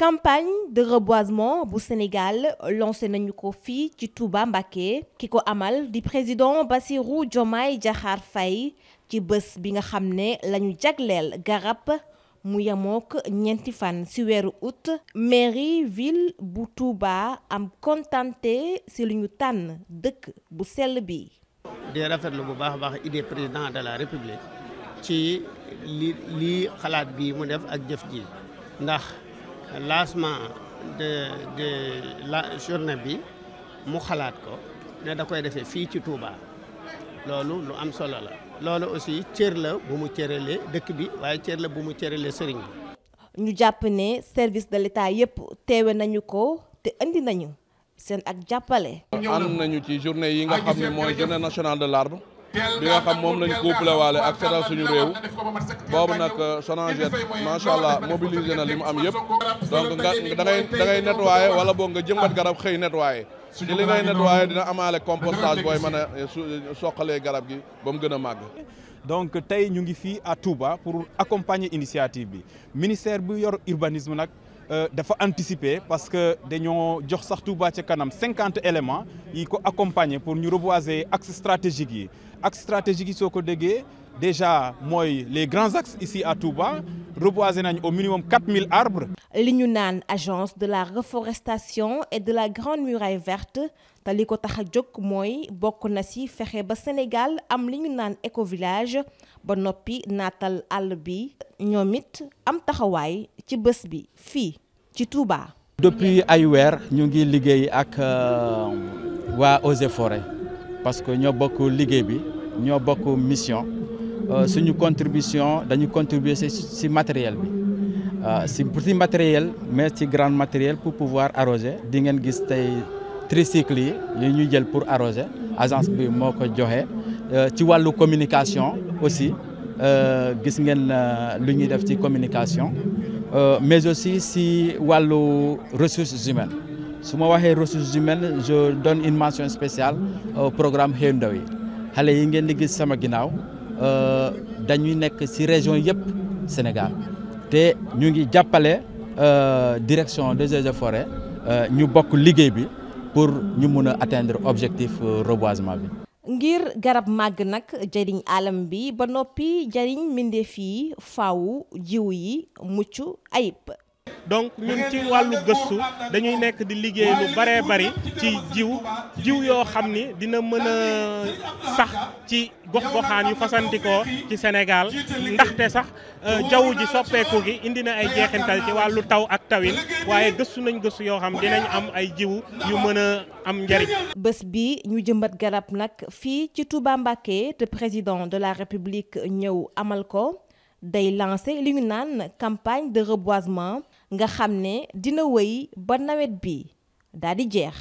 campagne de reboisement au Sénégal lancé nañu ko fii ci Touba Mbacké ki amal di président Bassirou Diomaye Diakhar Faye ci bëss bi nga xamné lañu jagleel garab mu yamok ñenti fan ci weeru août mairie ville bu Touba am contenté ci luñu tan tànn dëkk bu sel bi di rafetlu bu baax baax idée président de la république ci li lii xalaat bi mu def ak jëf ji ndax lancement de de journée bi mu xalaat ko ne da koy defee fii ci Touba loolu lu am solo la loolu aussi cër la bu mu cëralee dëkk bi waaye cër la bu mu cëralee sëriñ bi. ñu jàpp ne service de l'État yépp teewe nañu ko te indi nañu seen ak jàppale. am nañu ci journée yi nga xam ne mooy journée nationale de l'arbre. bi nga xam moom lañ couplé waale ak setal suñu réew boobu nag Sonaged macha allah mobilisé na li mu am yëpp donc nga da ngay da ngay nettoyé wala boog nga jëmbat garab xëy nettoyé ci li ngay nettoyé dina amaale compostage booy man a soqalee garab gi ba mu gën a màgg. donc tey ñu ngi fii à Touba pour accompagner initiative bi ministère bu yor urbanisme nag. Euh, faut anticiper parce que nous avons 50 éléments qui nous accompagnent pour nous reboiser axes stratégique. yi stratégique stratégiques déjà les grands axes ici à Touba reboiser au minimum 4000 arbres. li agence de la reforestation et de la grande muraille verte te li ko tax a jóg mooy bokk na ci fexe ba Sénégal am li ñu naan écovillage ba noppi naatal àll bi ñoom it am taxawaay ci bés bi fii ci Touba. depuis ay weer ñu ngi liggéey ak euh, waa Eaux et parce que ñoo bokk liggéey bi ñoo bokk mission euh, suñu contribution dañu contribuer ci matériel bi. Euh, ci petit matériel mais ci grand matériel pour pouvoir arroser di ngeen gis tey tricycle yi pour arroser agence bi moko joxé euh, euh, euh, ci communication aussi gis ngeen lu communication mais aussi si walu ressources humaines Si je les ressources humaines je donne une mention spéciale au programme Xëyu Ndaw yi xale yi ngeen di gis dañuy si région yëpp Sénégal te ñu ngi la direction des forêts ñu bokk liggéey bi pour ñu mun a atteindre objectif euh, reboisement bi. ngir garab màgg nag jariñ alam bi ba noppi jariñ mbindeef yi faaw jiw yi mucc ayib. donc ñun ci walu gëstu dañuy nek di liggéey lu bare bare ci jiw jiw yo xamni dina mëna sax ci gox-goxaan yu fasantikoo ci Sénégal ndaxte sax euh, jaww ji soppeku gi indi na ay jeexintal ci walu taw ak tawin waye gëstu nañ gëstu yo xam dinañ am ay jiw yu mëna am njariñ bés bi ñu jëmbat garab nak fi ci Touba Mbaké te président de la République ñew amal ko day lancer li ñu naan campagne de reboisement nga xam ne dina wéy ba nawet bi daal jeex